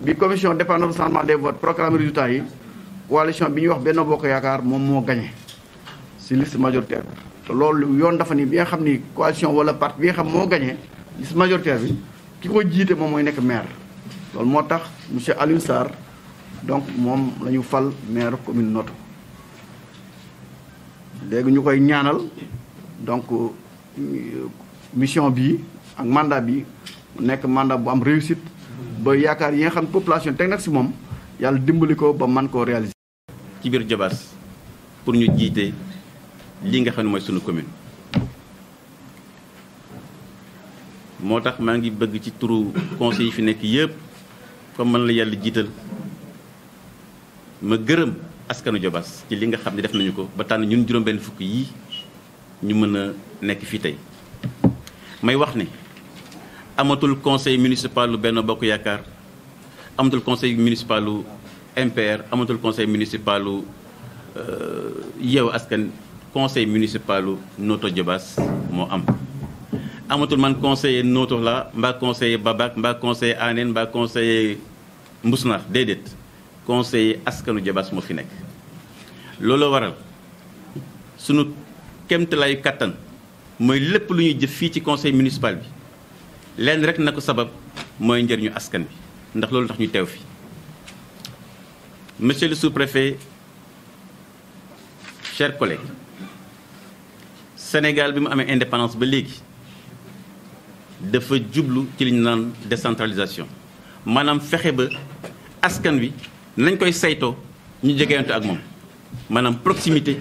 bi commission dépendance changement des votes proclame résultat yi coalition bi ñuy wax benn Bokk Yaakaar moom moo gagné si liste majoritaire te loolu yoon dafa ni bi nga xam ni coalition wala part bi nga xam moo gagné liste majoritaire bi ki ko jiite moom mooy nekk maire loolu moo tax monsieur Alioune Sarr donc moom la ñu fal maire commune Notto léegi ñu koy ñaanal donc euh, mission bi ak mandat bi mu nekk mandat bu am réussit ba yaakaar yi nga xam population teg nag si moom yàlla dimbali ko ba man koo réaliser. ci biir Jobaas pour ñu jiite li nga xam ne mooy sunu commune moo tax maa ngi bëgg ci turu conseil yi fi nekk yëpp comme man la yàlla jiital ma gërëm askanu Jobaas ci li nga xam ne def nañu ko ba tànn ñun juróom-benn fukk yi ñu mën a nekk fii tey may wax ne. amatul conseil municipal lu Benno Bokk Yaakaar amatul conseil municipal lu amatul conseil municipal lu euh, Yewwi Askan conseil municipal lu Notto Diobass moo am amatul man conseiller Notto la mbaa conseiller Babac mbaa conseil Anen mbaa conseiller Mbousnakh déedéet conseiller askanu Diobass moo fi nekk loolu looloo waral sunu kemtalaayu kattan mooy lépp lu ñuy jëf fii ci conseil municipal bi lenn rek na ko sabab mooy njëriñu askan bi ndax loolu tax ñu teew fii monsieur le sous-préfet chers collègues Sénégal bi mu amee indépendance ba léegi dafa jublu ci li naan décentralisation maanaam fexe ba askan wi nañ koy saytoo ñu jegeyantu ak moom maanaam proximité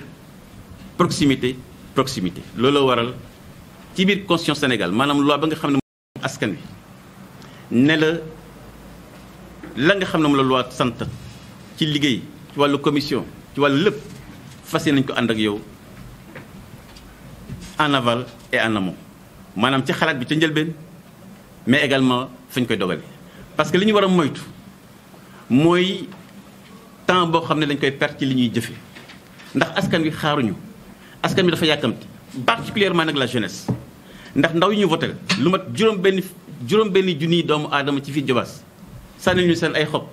proximité proximité looloo waral ci biir constitution Sénégal maanaam loi ba nga xam ne askan wi ne la la nga xam ne moom la loi sant ci liggéey ci wàllu commission ci wàllu lépp fas nañ ko ànd ak yow en aval et en amont maanaam ci xalaat bi ci njëlbeen mais également fi ñu koy dogale parce que li ñu war a moytu mooy temps boo xam ne dañ koy perte ci li ñuy jëfe ndax askan wi xaaruñu askan wi dafa yàkkamti particulièrement nag la jeunesse ndax ndaw yi ñu voté lu mat juróom benn juróom doomu aadama ci fii Jobaas sànni ñu seen ay xob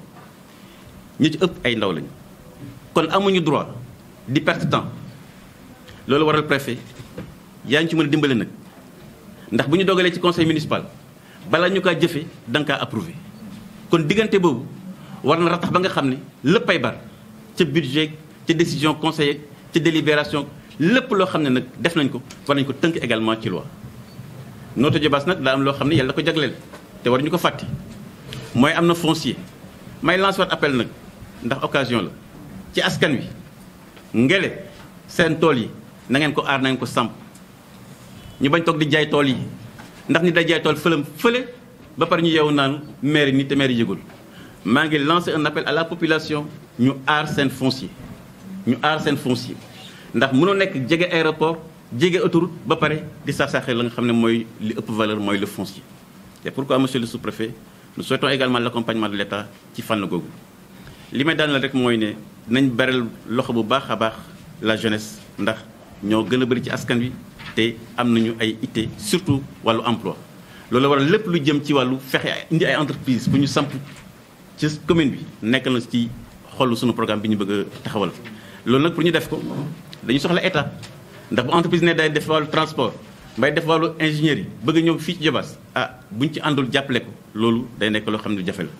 ñu ci ëpp ay ndaw lañu kon amuñu droit di perte temps loolu waral préfet yaa ngi ci mën a dimbale nag ndax bu ñu dogalee ci conseil municipal balaa ñu kaa jëfe da kaa approuvé kon diggante boobu war na ratax ba nga xam ne lépp ay bar ca budget ca décision conseil ca délibération lépp loo xam ne nag def nañ ko war nañ ko tënk également ci loi Notto Diobass nag daa am loo xam ne yàlla ko jagleel te war ñu ko fàtte mooy am na foncier may lance waat appel nag ndax occasion la ci askan wi ngele seen tool yi nangeen ko aar na ko samp ñu bañ toog di jaay tool yi ndax ni day jaay tool fëlam fële ba pare ñu yeewu naan maire ni te maire yëgul maa ngi lancé un appel à la population ñu aar seen foncier ñu aar seen foncier ndax mënoo nekk jege aéroport jege autoroute ba pare di saax-saaxee la nga xam ne mooy li ëpp valeur mooy le pour c'est pourquoi monsieur le sous-préfet nous souhaitons également l'accompagnement de l'État ci fànn googu li may daaneel rek mooy ne nañ beral loxo bu baax a baax la jeunesse ndax ñoo gën a bëri ci askan wi te am nañu ay itte surtout wàllu emploi loolu waral lépp lu jëm ci wàllu fexe indi ay entreprise bu ñu samp ci commune bi nekk na ci xolu sunu programme bi ñu bëgg a taxawal loolu nag ñu def ko dañu soxla état ndax bu entreprise ne day def wàllu transport mbay def wàllu ingénierie bëgg ñëw fii ci Jobaas bu ah, buñ ci àndul jàppale ko loolu day nekk loo xam ne jafe la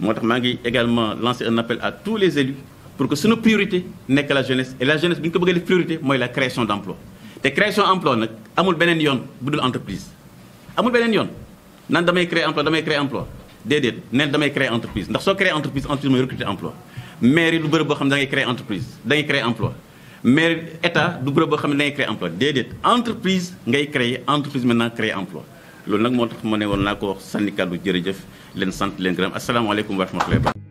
moo tax maa ngi également lancer un appel les élus pour que suñu priorité nekk la jeunesse et la jeunesse bu ñu ko bëggee def priorité mooy la création d' emploi te création emploi nag amul beneen yoon bu dul entreprise amul beneen yoon nan damay créer emploi damay créer emploi déedéet neen damay créer entreprise ndax soo créer entreprise entreprise mooy recruter emploi mairie lu bëri boo xam ne da ngay créer entreprise da ngay mais état du bërëb boo xam ne dangay créer emploi déedéet entreprise ngay créer entreprise maintenant créer emploi loolu nag moo tax ma ne woon naa ko wax syndicat bu jërëjëf leen sant leen gërëm asalaamaaleykum wa rahmatulah.